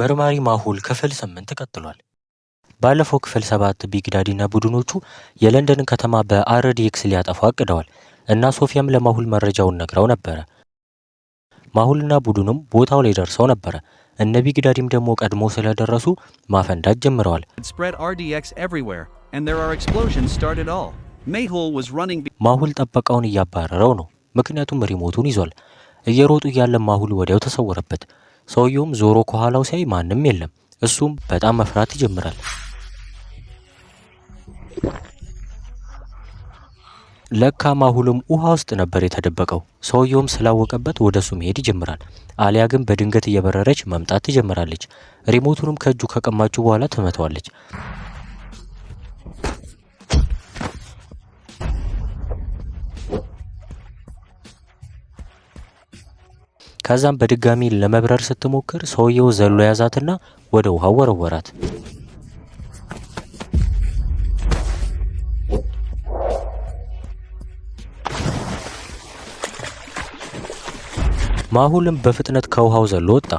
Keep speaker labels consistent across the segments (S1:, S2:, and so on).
S1: መርማሪ ማሁል ክፍል ስምንት ቀጥሏል። ባለፈው ክፍል ሰባት ቢግ ዳዲና ቡድኖቹ የለንደንን ከተማ በአርዲኤክስ ሊያጠፉ አቅደዋል እና ሶፊያም ለማሁል መረጃውን ነግረው ነበረ። ማሁልና ቡድኑም ቦታው ላይ ደርሰው ነበረ። እነ ቢግ ዳዲም ደግሞ ቀድሞ ስለደረሱ ማፈንዳት ጀምረዋል። ማሁል ጠበቃውን እያባረረው ነው፣ ምክንያቱም ሪሞቱን ይዟል። እየሮጡ እያለ ማሁል ወዲያው ተሰወረበት። ሰውየውም ዞሮ ከኋላው ሲያይ ማንም የለም። እሱም በጣም መፍራት ይጀምራል። ለካ ማሁልም ውሃ ውስጥ ነበር የተደበቀው። ሰውየውም ስላወቀበት ወደሱ መሄድ ይጀምራል። አሊያ ግን በድንገት እየበረረች መምጣት ትጀምራለች። ሪሞቱንም ከእጁ ከቀማችሁ በኋላ ትመተዋለች። ከዛም በድጋሚ ለመብረር ስትሞክር ሰውየው ዘሎ ያዛትና ወደ ውሃው ወረወራት። ማሁልም በፍጥነት ከውሃው ዘሎ ወጣ።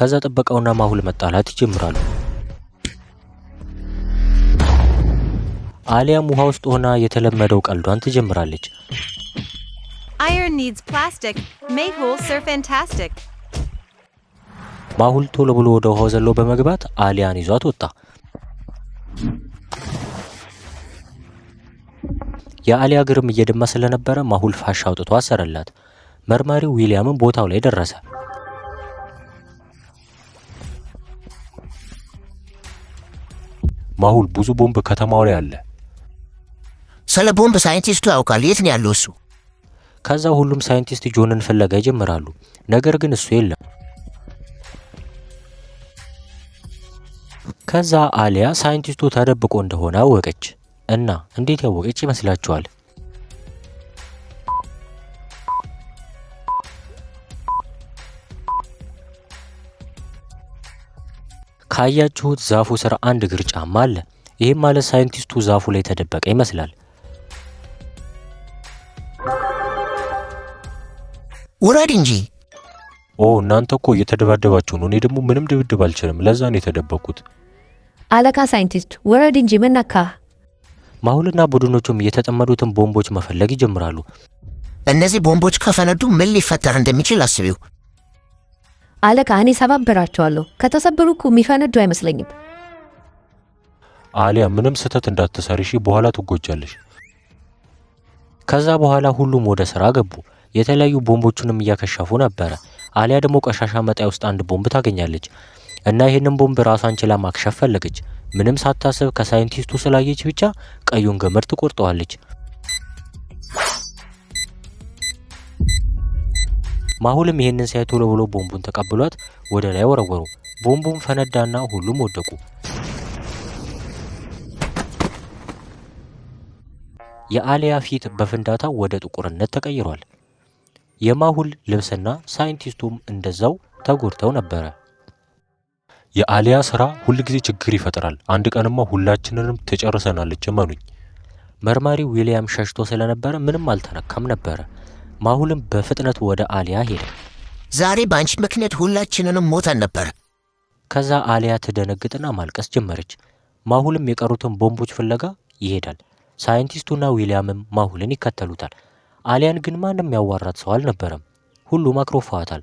S1: ከዛ ጥበቃውና ማሁል መጣላት ይጀምራሉ። አሊያም ውሃ ውስጥ ሆና የተለመደው ቀልዷን ትጀምራለች።
S2: Iron needs plastic. Mayhul sir fantastic.
S1: ማሁል ቶሎ ብሎ ወደ ውሃው ዘሎ በመግባት አሊያን ይዟት ወጣ። የአሊያ እግርም እየደማ ስለነበረ ማሁል ፋሻ አውጥቶ አሰረላት። መርማሪው ዊሊያምን ቦታው ላይ ደረሰ። ማሁል ብዙ ቦምብ ከተማው ላይ አለ።
S3: ስለ ቦምብ ሳይንቲስቱ ያውቃል። የት ነው ያለው እሱ?
S1: ከዛ ሁሉም ሳይንቲስት ጆንን ፍለጋ ይጀምራሉ። ነገር ግን እሱ የለም። ከዛ አሊያ ሳይንቲስቱ ተደብቆ እንደሆነ አወቀች። እና እንዴት ያወቀች ይመስላችኋል? ካያችሁት ዛፉ ስር አንድ እግር ጫማ አለ። ይህም ማለት ሳይንቲስቱ ዛፉ ላይ ተደበቀ ይመስላል። ውረድ እንጂ። ኦ እናንተ እኮ እየተደባደባችሁ ነው። እኔ ደግሞ ምንም ድብድብ አልችልም። ለዛ ነው የተደበቅኩት።
S4: አለካ ሳይንቲስት ውረድ እንጂ ምን ነካ?
S1: ማሁልና ቡድኖቹም የተጠመዱትን ቦምቦች መፈለግ ይጀምራሉ።
S3: እነዚህ ቦምቦች ከፈነዱ ምን ሊፈጠር እንደሚችል አስቢው።
S4: አለካ እኔ ሰባብራቸዋለሁ። ከተሰበሩ እኮ የሚፈነዱ አይመስለኝም።
S1: አሊያ ምንም ስህተት እንዳትሰሪ እሺ? በኋላ ትጎጃለሽ። ከዛ በኋላ ሁሉም ወደ ስራ ገቡ። የተለያዩ ቦምቦቹንም እያከሸፉ ነበረ። አሊያ ደግሞ ቆሻሻ መጣያ ውስጥ አንድ ቦምብ ታገኛለች እና ይህንን ቦምብ ራሷን ችላ ማክሸፍ ፈለገች። ምንም ሳታስብ ከሳይንቲስቱ ስላየች ብቻ ቀዩን ገመድ ትቆርጠዋለች። ማሁልም ይህንን ሲያይ ቶሎ ብሎ ቦምቡን ተቀብሏት ወደ ላይ ወረወሩ። ቦምቡም ፈነዳና ሁሉም ወደቁ። የአሊያ ፊት በፍንዳታ ወደ ጥቁርነት ተቀይሯል። የማሁል ልብስና ሳይንቲስቱም እንደዛው ተጎድተው ነበረ። የአሊያ ስራ ሁልጊዜ ችግር ይፈጥራል። አንድ ቀንማ ሁላችንንም ትጨርሰናለች፣ እመኑኝ። መርማሪ ዊሊያም ሸሽቶ ስለነበረ ምንም አልተነካም ነበረ። ማሁልም በፍጥነት ወደ አሊያ ሄደ።
S3: ዛሬ በአንቺ ምክንያት ሁላችንንም ሞተን ነበር።
S1: ከዛ አሊያ ትደነግጥና ማልቀስ ጀመረች። ማሁልም የቀሩትን ቦምቦች ፍለጋ ይሄዳል። ሳይንቲስቱና ዊሊያምም ማሁልን ይከተሉታል። አሊያን ግን ማንም ያዋራት ሰው አልነበረም። ሁሉም አክሮፈዋታል።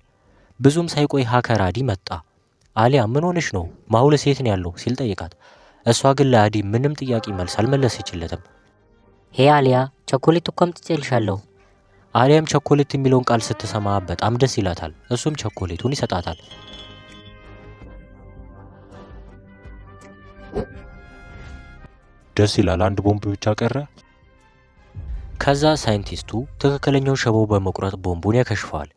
S1: ብዙም ሳይቆይ ሀከር አዲ መጣ። አሊያ ምን ሆነሽ ነው? ማሁል ሴት ነው ያለው ሲል ጠይቃት። እሷ ግን ለአዲ ምንም ጥያቄ መልስ አልመለሰችለትም።
S5: ሄ አሊያ ቸኮሌት እኮ አምጥቼልሻለሁ።
S1: አሊያም ቸኮሌት የሚለውን ቃል ስትሰማ በጣም ደስ ይላታል። እሱም ቸኮሌቱን ይሰጣታል። ደስ ይላል። አንድ ቦምብ ብቻ ቀረ። ከዛ ሳይንቲስቱ ትክክለኛው ሸቦ በመቁረጥ ቦምቡን ያከሽፈዋል።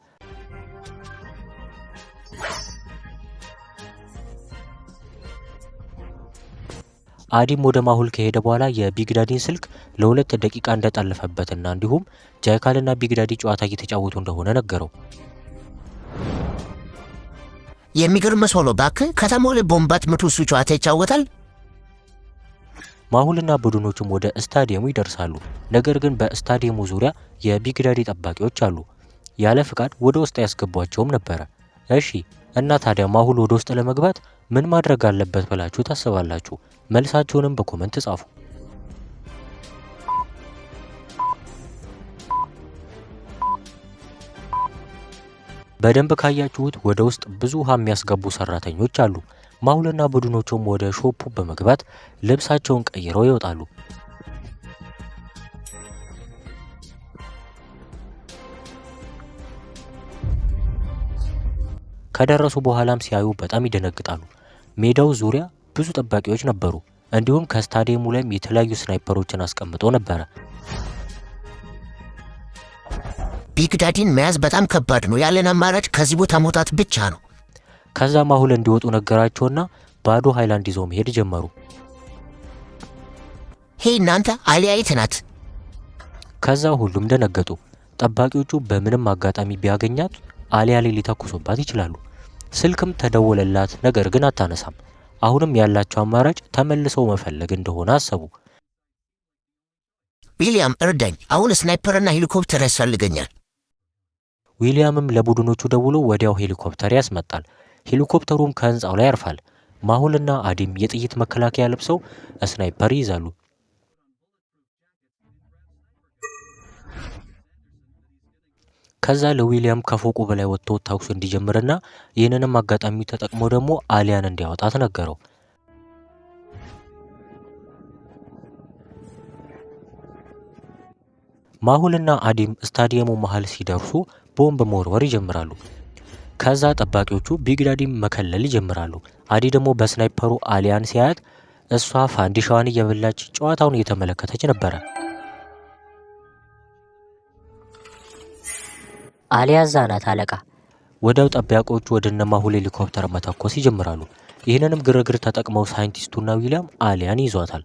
S1: አዲም ወደ ማሁል ከሄደ በኋላ የቢግዳዲን ስልክ ለሁለት ደቂቃ እንደጠለፈበትና እንዲሁም ጃይካልና ቢግዳዲ ጨዋታ እየተጫወቱ እንደሆነ ነገረው።
S3: የሚገርም ሰው ነው ባክ። ከተማው ላይ ቦምባት ምቱ እሱ ጨዋታ ይጫወታል
S1: ማሁልና ቡድኖቹም ወደ ስታዲየሙ ይደርሳሉ። ነገር ግን በስታዲየሙ ዙሪያ የቢግ ዳዲ ጠባቂዎች አሉ። ያለ ፍቃድ ወደ ውስጥ ያስገቧቸውም ነበረ። እሺ እና ታዲያ ማሁል ወደ ውስጥ ለመግባት ምን ማድረግ አለበት ብላችሁ ታስባላችሁ? መልሳችሁንም በኮመንት ጻፉ። በደንብ ካያችሁት ወደ ውስጥ ብዙ ውሃ የሚያስገቡ ሰራተኞች አሉ። ማሁልና ቡድኖቹም ወደ ሾፑ በመግባት ልብሳቸውን ቀይረው ይወጣሉ። ከደረሱ በኋላም ሲያዩ በጣም ይደነግጣሉ። ሜዳው ዙሪያ ብዙ ጠባቂዎች ነበሩ። እንዲሁም ከስታዲየሙ ላይም የተለያዩ ስናይፐሮችን አስቀምጦ ነበረ።
S3: ቢግዳዲን መያዝ በጣም ከባድ ነው። ያለን አማራጭ ከዚህ ቦታ መውጣት ብቻ ነው።
S1: ከዛም አሁን እንዲወጡ ነገራቸውና ባዶ ሃይላንድ ይዘው መሄድ ጀመሩ።
S3: ሄ እናንተ አሊያይት ናት።
S1: ከዛ ሁሉም ደነገጡ። ጠባቂዎቹ በምንም አጋጣሚ ቢያገኛት አሊያ ላይ ሊተኩሱባት ይችላሉ። ስልክም ተደወለላት፣ ነገር ግን አታነሳም። አሁንም ያላቸው አማራጭ ተመልሰው መፈለግ እንደሆነ አሰቡ።
S3: ዊሊያም እርዳኝ፣ አሁን ስናይፐርና ሄሊኮፕተር ያስፈልገኛል።
S1: ዊሊያምም ለቡድኖቹ ደውሎ ወዲያው ሄሊኮፕተር ያስመጣል። ሄሊኮፕተሩም ከህንፃው ላይ ያርፋል። ማሁልና አዲም የጥይት መከላከያ ለብሰው ስናይፐር ይይዛሉ። ከዛ ለዊሊያም ከፎቁ በላይ ወጥቶ ተኩስ እንዲጀምርና ይህንንም አጋጣሚ ተጠቅሞ ደግሞ አሊያን እንዲያወጣት ነገረው። ማሁልና አዲም ስታዲየሙ መሃል ሲደርሱ ቦምብ መወርወር ይጀምራሉ። ከዛ ጠባቂዎቹ ቢግዳዲ መከለል ይጀምራሉ። አዲ ደግሞ በስናይፐሩ አሊያን ሲያያት እሷ ፋንዲሻዋን እየበላች ጨዋታውን እየተመለከተች ነበረ።
S5: አሊያ እዛ ናት አለቃ።
S1: ወዲያው ጠባቂዎቹ ወደ ነማሁል ሄሊኮፕተር መተኮስ ይጀምራሉ። ይህንንም ግርግር ተጠቅመው ሳይንቲስቱና ዊሊያም አሊያን ይዟታል።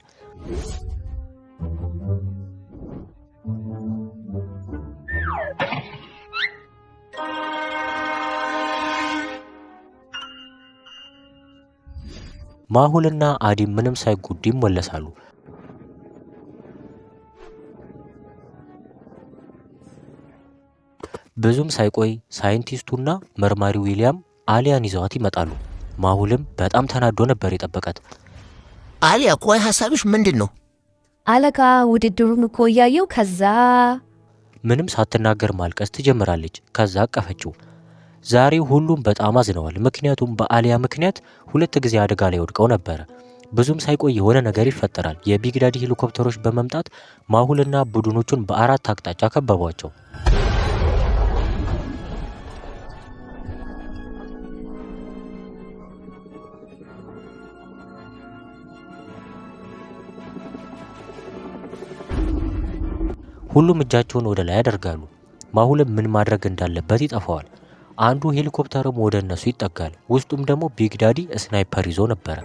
S1: ማሁልና አዲም ምንም ሳይጎዱ ይመለሳሉ። ብዙም ሳይቆይ ሳይንቲስቱና መርማሪ ዊሊያም አሊያን ይዘዋት ይመጣሉ። ማሁልም በጣም ተናዶ ነበር የጠበቀት።
S3: አሊያ ቆይ ሀሳብሽ ምንድን ነው?
S4: አለቃ ውድድሩን እኮ እያየው ከዛ
S1: ምንም ሳትናገር ማልቀስ ትጀምራለች። ከዛ አቀፈችው። ዛሬ ሁሉም በጣም አዝነዋል። ምክንያቱም በአሊያ ምክንያት ሁለት ጊዜ አደጋ ላይ ወድቀው ነበረ። ብዙም ሳይቆይ የሆነ ነገር ይፈጠራል። የቢግዳዲ ሄሊኮፕተሮች በመምጣት ማሁልና ቡድኖቹን በአራት አቅጣጫ ከበቧቸው። ሁሉም እጃቸውን ወደ ላይ ያደርጋሉ። ማሁልም ምን ማድረግ እንዳለበት ይጠፋዋል። አንዱ ሄሊኮፕተርም ወደ እነሱ ይጠጋል። ውስጡም ደግሞ ቢግ ዳዲ ስናይፐር ይዞ ነበረ።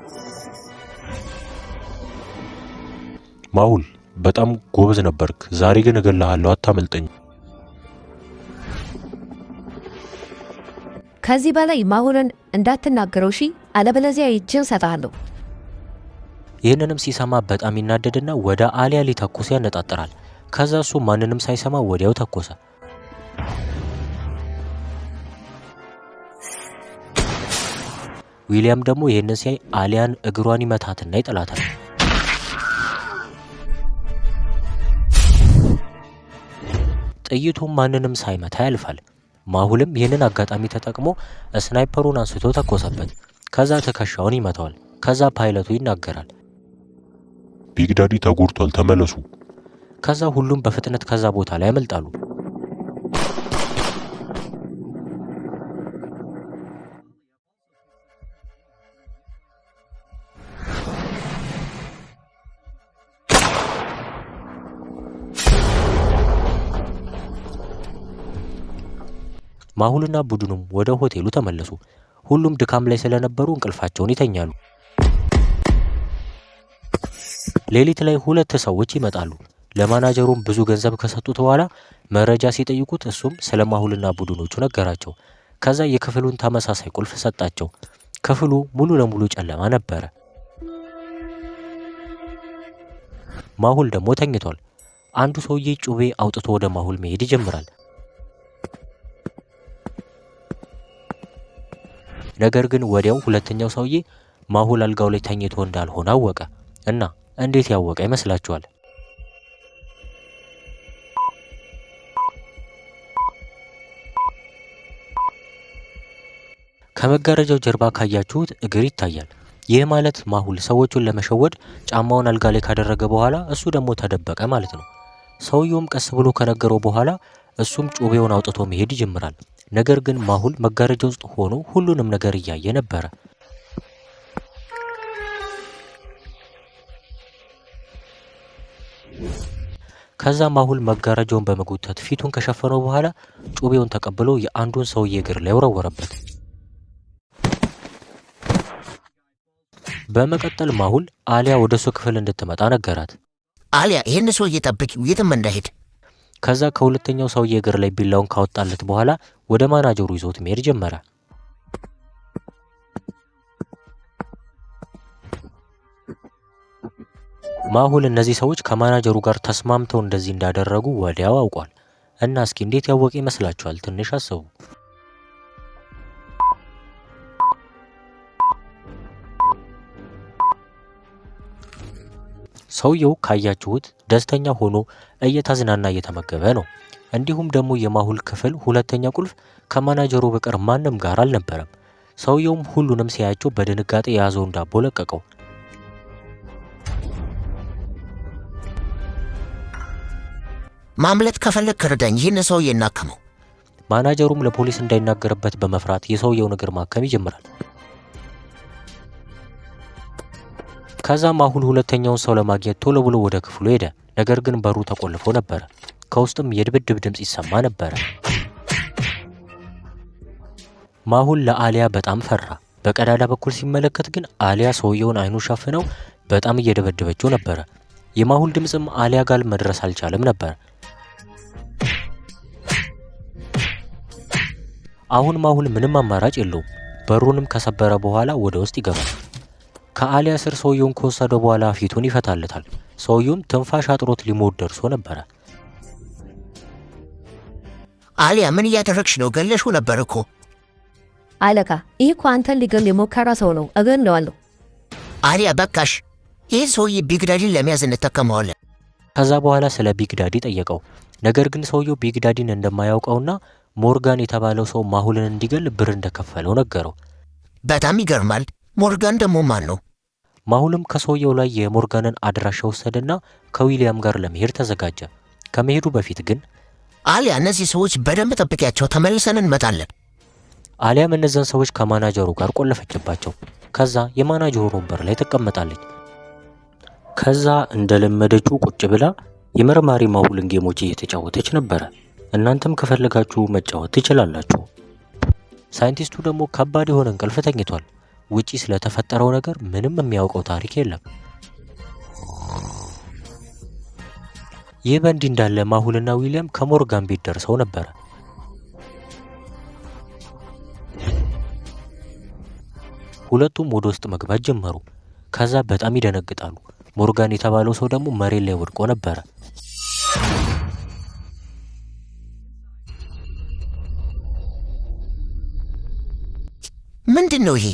S1: ማውል በጣም ጎበዝ ነበርክ። ዛሬ ግን እገልሃለሁ፣ አታመልጠኝ።
S4: ከዚህ በላይ ማሁልን እንዳትናገረው እሺ፣ አለበለዚያ ይችን ሰጣለሁ።
S1: ይህንንም ሲሰማ በጣም ይናደድና ወደ አሊያ ሊተኩስ ያነጣጥራል። ከዛ እሱ ማንንም ሳይሰማ ወዲያው ተኮሰ። ዊሊያም ደግሞ ይህንን ሲያይ አሊያን እግሯን ይመታትና ይጥላታል። ጥይቱም ማንንም ሳይመታ ያልፋል። ማሁልም ይህንን አጋጣሚ ተጠቅሞ ስናይፐሩን አንስቶ ተኮሰበት። ከዛ ትከሻውን ይመታዋል። ከዛ ፓይለቱ ይናገራል፣ ቢግዳዲ ተጎድቷል፣ ተመለሱ። ከዛ ሁሉም በፍጥነት ከዛ ቦታ ላይ ያመልጣሉ። ማሁልና ቡድኑም ወደ ሆቴሉ ተመለሱ። ሁሉም ድካም ላይ ስለነበሩ እንቅልፋቸውን ይተኛሉ። ሌሊት ላይ ሁለት ሰዎች ይመጣሉ። ለማናጀሩም ብዙ ገንዘብ ከሰጡት በኋላ መረጃ ሲጠይቁት እሱም ስለ ማሁልና ቡድኖቹ ነገራቸው። ከዛ የክፍሉን ተመሳሳይ ቁልፍ ሰጣቸው። ክፍሉ ሙሉ ለሙሉ ጨለማ ነበረ። ማሁል ደግሞ ተኝቷል። አንዱ ሰውዬ ጩቤ አውጥቶ ወደ ማሁል መሄድ ይጀምራል። ነገር ግን ወዲያው ሁለተኛው ሰውዬ ማሁል አልጋው ላይ ተኝቶ እንዳልሆነ አወቀ እና እንዴት ያወቀ ይመስላችኋል? ከመጋረጃው ጀርባ ካያችሁት እግር ይታያል። ይህ ማለት ማሁል ሰዎቹን ለመሸወድ ጫማውን አልጋ ላይ ካደረገ በኋላ እሱ ደግሞ ተደበቀ ማለት ነው። ሰውየውም ቀስ ብሎ ከነገረው በኋላ እሱም ጩቤውን አውጥቶ መሄድ ይጀምራል። ነገር ግን ማሁል መጋረጃ ውስጥ ሆኖ ሁሉንም ነገር እያየ ነበረ። ከዛ ማሁል መጋረጃውን በመጎተት ፊቱን ከሸፈነው በኋላ ጩቤውን ተቀብሎ የአንዱን ሰውዬ እግር ላይ ወረወረበት። በመቀጠል ማሁል አሊያ ወደ እሱ ክፍል እንድትመጣ ነገራት።
S3: አሊያ ይህን ሰውዬ ጠብቂው፣ የትም እንዳይሄድ።
S1: ከዛ ከሁለተኛው ሰውዬ እግር ላይ ቢላውን ካወጣለት በኋላ ወደ ማናጀሩ ይዞት መሄድ ጀመረ። ማሁል እነዚህ ሰዎች ከማናጀሩ ጋር ተስማምተው እንደዚህ እንዳደረጉ ወዲያው አውቋል። እና እስኪ እንዴት ያወቀ ይመስላችኋል? ትንሽ አስቡ። ሰውየው ካያችሁት ደስተኛ ሆኖ እየተዝናና እየተመገበ ነው። እንዲሁም ደግሞ የማሁል ክፍል ሁለተኛ ቁልፍ ከማናጀሩ በቀር ማንም ጋር አልነበረም። ሰውየውም ሁሉንም ሲያያቸው በድንጋጤ የያዘውን ዳቦ ለቀቀው።
S3: ማምለጥ ከፈለግ ክርደኝ ይህን ሰውዬ እናከመው።
S1: ማናጀሩም ለፖሊስ እንዳይናገርበት በመፍራት የሰውየውን እግር ማከም ይጀምራል። ከዛ ማሁል ሁለተኛውን ሰው ለማግኘት ቶሎ ብሎ ወደ ክፍሉ ሄደ። ነገር ግን በሩ ተቆልፎ ነበረ። ከውስጥም የድብድብ ድምፅ ይሰማ ነበር። ማሁል ለአሊያ በጣም ፈራ። በቀዳዳ በኩል ሲመለከት ግን አሊያ ሰውየውን አይኑ ሸፍነው በጣም እየደበደበችው ነበረ። የማሁል ድምፅም አሊያ ጋር መድረስ አልቻለም ነበር። አሁን ማሁል ምንም አማራጭ የለውም። በሩንም ከሰበረ በኋላ ወደ ውስጥ ይገባል። ከአሊያ ስር ሰውየውን ከወሰደ በኋላ ፊቱን ይፈታለታል። ሰውየውም ትንፋሽ አጥሮት ሊሞት ደርሶ ነበረ።
S3: አሊያ ምን እያደረግሽ ነው? ገለሽው ነበር እኮ
S4: አለቃ። ይህ እኮ አንተን ሊገል የሞከረ ሰው ነው። እገለዋለሁ።
S3: አሊያ በቃሽ። ይህ ሰውዬ ቢግዳዲን ለመያዝ እንጠቀመዋለን።
S1: ከዛ በኋላ ስለ ቢግዳዲ ጠየቀው። ነገር ግን ሰውየው ቢግዳዲን እንደማያውቀውና ሞርጋን የተባለው ሰው ማሁልን እንዲገል ብር እንደከፈለው ነገረው።
S3: በጣም ይገርማል። ሞርጋን ደግሞ ማን ነው?
S1: ማሁልም ከሰውየው ላይ የሞርጋንን አድራሻ ወሰደና ከዊሊያም ጋር ለመሄድ ተዘጋጀ። ከመሄዱ በፊት ግን
S3: አሊያ እነዚህ ሰዎች በደንብ ጠብቂያቸው፣ ተመልሰን እንመጣለን።
S1: አሊያም እነዚያን ሰዎች ከማናጀሩ ጋር ቆለፈችባቸው። ከዛ የማናጀሩ ወንበር ላይ ተቀመጣለች። ከዛ እንደለመደችው ቁጭ ብላ የመርማሪ ማሁልን ጌሞች እየተጫወተች ነበረ። እናንተም ከፈለጋችሁ መጫወት ትችላላችሁ። ሳይንቲስቱ ደግሞ ከባድ የሆነ እንቅልፍ ተኝቷል። ውጪ ስለተፈጠረው ነገር ምንም የሚያውቀው ታሪክ የለም። ይህ በእንዲህ እንዳለ ማሁልና ዊሊያም ከሞርጋን ቤት ደርሰው ነበረ። ሁለቱም ወደ ውስጥ መግባት ጀመሩ። ከዛ በጣም ይደነግጣሉ። ሞርጋን የተባለው ሰው ደግሞ መሬት ላይ ወድቆ ነበረ።
S3: ምንድን ነው ይሄ?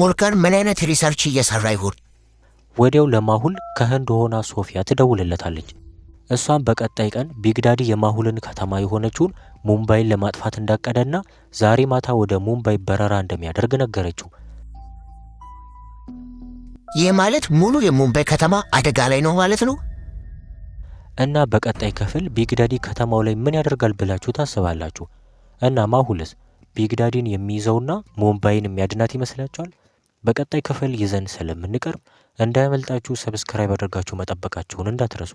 S3: ሞርጋን ምን አይነት ሪሰርች እየሰራ ይሆን?
S1: ወዲያው ለማሁል ከህንድ ሆና ሶፊያ ትደውልለታለች። እሷም በቀጣይ ቀን ቢግዳዲ የማሁልን ከተማ የሆነችውን ሙምባይን ለማጥፋት እንዳቀደና ዛሬ ማታ ወደ ሙምባይ በረራ እንደሚያደርግ ነገረችው።
S3: ይህ ማለት ሙሉ የሙምባይ ከተማ አደጋ ላይ ነው ማለት ነው።
S1: እና በቀጣይ ክፍል ቢግዳዲ ከተማው ላይ ምን ያደርጋል ብላችሁ ታስባላችሁ? እና ማሁልስ ቢግዳዲን የሚይዘውና ሙምባይን የሚያድናት ይመስላችኋል? በቀጣይ ክፍል ይዘን ስለምንቀርብ እንዳያመልጣችሁ ሰብስክራይብ አድርጋችሁ መጠበቃችሁን እንዳትረሱ።